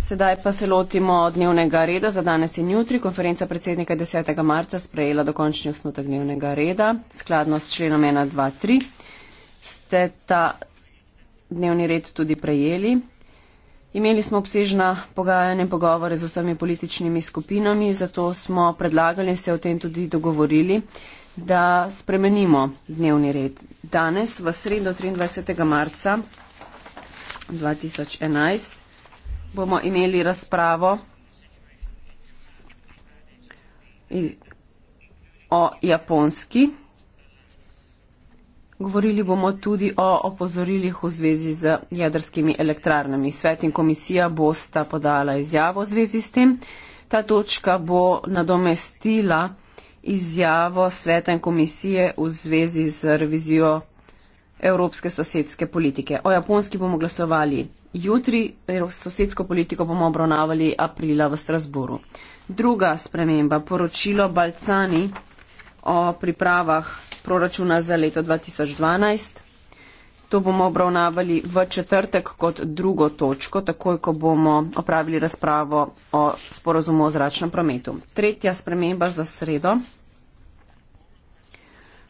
sedaj pa se lotimo dnevnega reda za danes in jutri konferenca predsednika desetega marca sprejela dokončni osnutek dnevnega reda skladno s členom ena dva tri ste ta dnevni red tudi prejeli Imeli smo obsežna pogajanja in pogovore z vsemi političnimi skupinami, zato smo predlagali in se o tem tudi dogovorili, da spremenimo dnevni red danes, v sredo 23. marca 2011, bomo imeli razpravo o japonski. Govorili bomo tudi o opozorilih v zvezi z jedrskimi elektrarnami. Svet in komisija bosta podala izjavo v zvezi s tem. Ta točka bo nadomestila izjavo sveta in komisije v zvezi z revizijo evropske sosedske politike. O japonski bomo glasovali jutri, sosedsko politiko bomo obravnavali aprila v Strasburu. Druga sprememba, poročilo Balcani o pripravah proračuna za leto 2012. To bomo obravnavali v četrtek kot drugo točko, takoj, ko bomo opravili razpravo o sporozumu o zračnem prometu. Tretja sprememba za sredo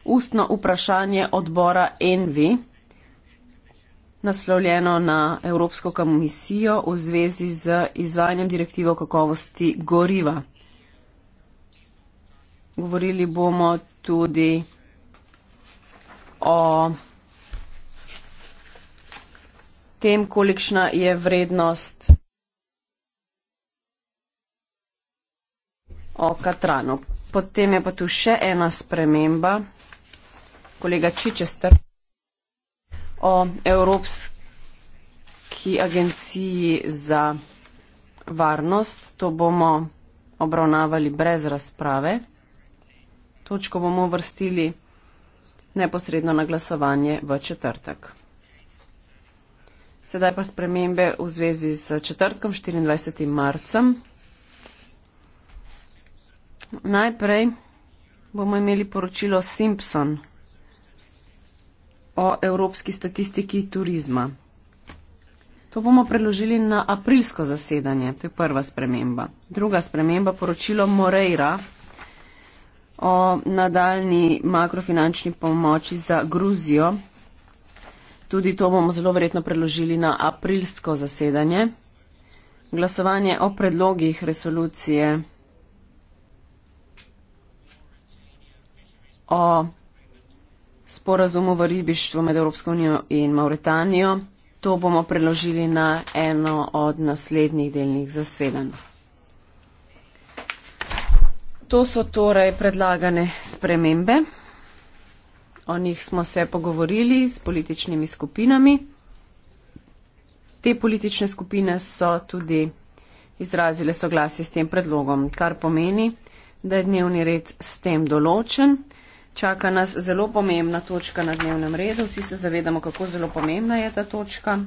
ustno vprašanje odbora Envi, naslovljeno na Evropsko komisijo v zvezi z izvajanjem direktive o kakovosti goriva. Govorili bomo tudi o tem, kolikšna je vrednost o Katranu. Potem je pa tu še ena sprememba kolega Čičester o Evropski agenciji za varnost. To bomo obravnavali brez razprave. Točko bomo vrstili neposredno na glasovanje v četrtek. Sedaj pa spremembe v zvezi s četrtkom 24. marcem. Najprej bomo imeli poročilo Simpson o evropski statistiki turizma. To bomo preložili na aprilsko zasedanje, to je prva sprememba. Druga sprememba, poročilo Moreira o nadaljni makrofinančni pomoči za Gruzijo. Tudi to bomo zelo verjetno preložili na aprilsko zasedanje. Glasovanje o predlogih resolucije o sporazum o ribištvu med Evropsko unijo in Mauretanijo. To bomo preložili na eno od naslednjih delnih zasedanj. To so torej predlagane spremembe. O njih smo se pogovorili s političnimi skupinami. Te politične skupine so tudi izrazile soglasje s tem predlogom, kar pomeni, da je dnevni red s tem določen čaka nas zelo pomembna točka na dnevnem redu. Vsi se zavedamo, kako zelo pomembna je ta točka.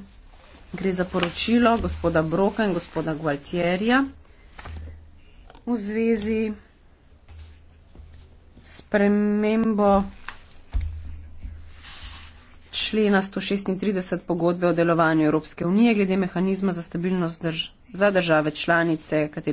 Gre za poročilo gospoda Broka in gospoda Gualtierja v zvezi s premembo člena 136 pogodbe o delovanju Evropske unije glede mehanizma za stabilnost drž za države članice, kateri